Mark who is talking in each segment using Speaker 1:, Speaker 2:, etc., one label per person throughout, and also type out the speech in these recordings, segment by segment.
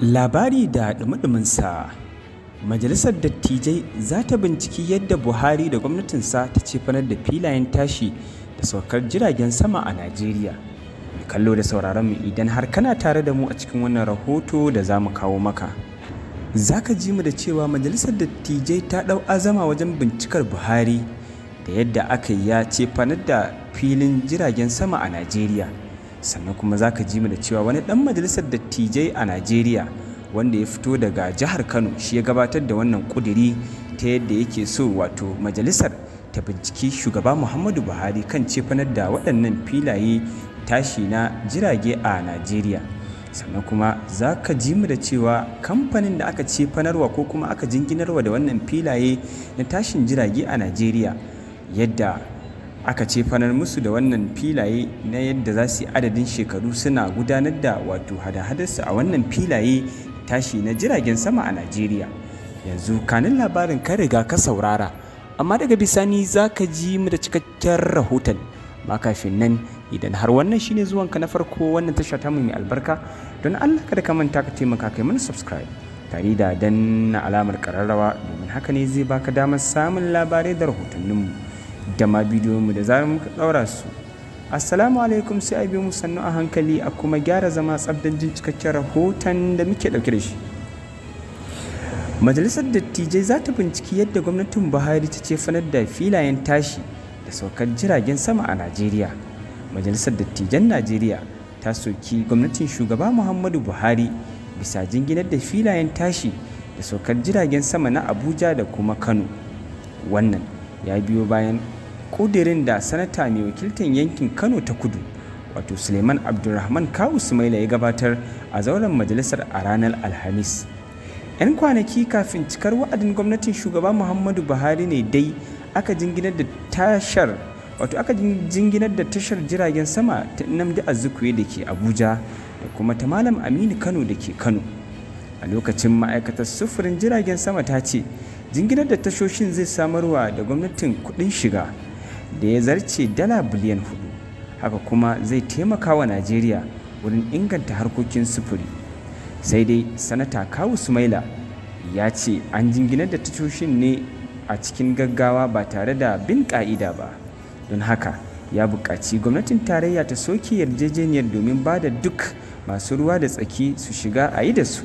Speaker 1: labari da ɗumi majalisar dattijai za ta binciki yadda buhari da gwamnatinsa ta cefanar da filayen tashi da saukar jiragen sama a najeriya kallo da sauraron mu idan har kana tare da mu a cikin wannan rahoto da za mu kawo maka za ka ji mu da cewa majalisar dattijai ta ɗau azama wajen bincikar buhari da yadda aka yi ya cefanar da filin jiragen sama a najeriya sannan kuma za ka ji mu da cewa wani ɗan majalisar dattijai a najeriya wanda ya fito daga jihar kano shi ya gabatar da wannan ƙudiri ta yadda yake so wato majalisar ta binciki shugaba muhammadu buhari kan cefanar da waɗannan filaye tashi na jirage a najeriya sannan kuma za ka ji mu da cewa kamfanin da aka cefanarwa ko kuma aka jinginarwa da wannan filaye na tashin jirage a najeriya yadda aka ce fanar musu da wannan filaye na yadda za su yi adadin shekaru suna gudanar da wato hada-hadarsu a wannan filaye tashi na jiragen sama a najeriya yanzu kanin labarin ka riga ka saurara amma daga bisani za ka ji mu da cikakken rahoton ma kafin nan idan har wannan shine zuwan ka na farko wannan tasha ta mai albarka don allah kada ka manta ka taimaka kai mana subscribe tare da danna alamar kararrawa domin haka ne zai baka damar samun labarai da rahotanninmu da ma mu da zarar muka ɗaura su assalamu alaikum sai a bi mu sannu a hankali a kuma gyara zama tsabdan jin cikakken rahoton da muke ɗauke da shi majalisar dattijai za ta binciki yadda gwamnatin buhari ta ce fanar da filayen tashi da saukar jiragen sama a najeriya majalisar dattijan najeriya ta soki gwamnatin shugaba muhammadu buhari bisa jinginar da filayen tashi da saukar jiragen sama na abuja da kuma kano wannan ya biyo bayan ƙudirin da sanata mai wakiltar yankin kano ta kudu wato suleiman abdulrahman kawu sumaila ya gabatar a zauren majalisar a ranar alhamis 'yan kwanaki kafin cikar wa'adin gwamnatin shugaba muhammadu buhari ne dai aka jinginar da tashar wato aka jinginar da tashar jiragen sama ta namdi azukwe da ke abuja da kuma ta malam aminu kano da ke kano a lokacin ma'aikatar sufurin jiragen sama ta ce jinginar da tashoshin zai samarwa da gwamnatin kudin shiga da ya zarce dala biliyan hudu haka kuma zai taimaka wa najeriya wurin inganta harkokin sufuri sai dai sanata kawu sumaila ya ce an jinginar da tashoshin ne a cikin gaggawa ba tare da bin ka'ida ba don haka ya buƙaci gwamnatin tarayya ta soke yarjejeniyar domin ba da duk masu ruwa da tsaki su shiga a yi da su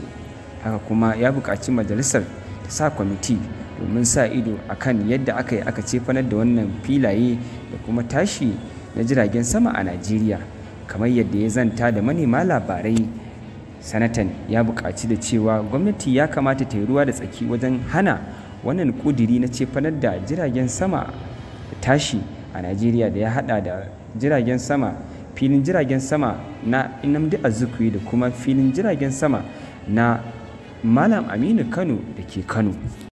Speaker 1: haka kuma ya buƙaci majalisar ta sa kwamiti domin sa ido a kan yadda aka yi aka cefanar da wannan filaye da kuma tashi na jiragen sama a najeriya kamar yadda ya zanta da manema labarai sanatan ya buƙaci da cewa gwamnati ya kamata ta yi ruwa da tsaki wajen hana wannan ƙudiri na cefanar da jiragen sama da tashi a najeriya da ya hada da jiragen sama filin jiragen sama na inamdi azukwi da kuma filin jiragen sama na malam aminu kano da ke kano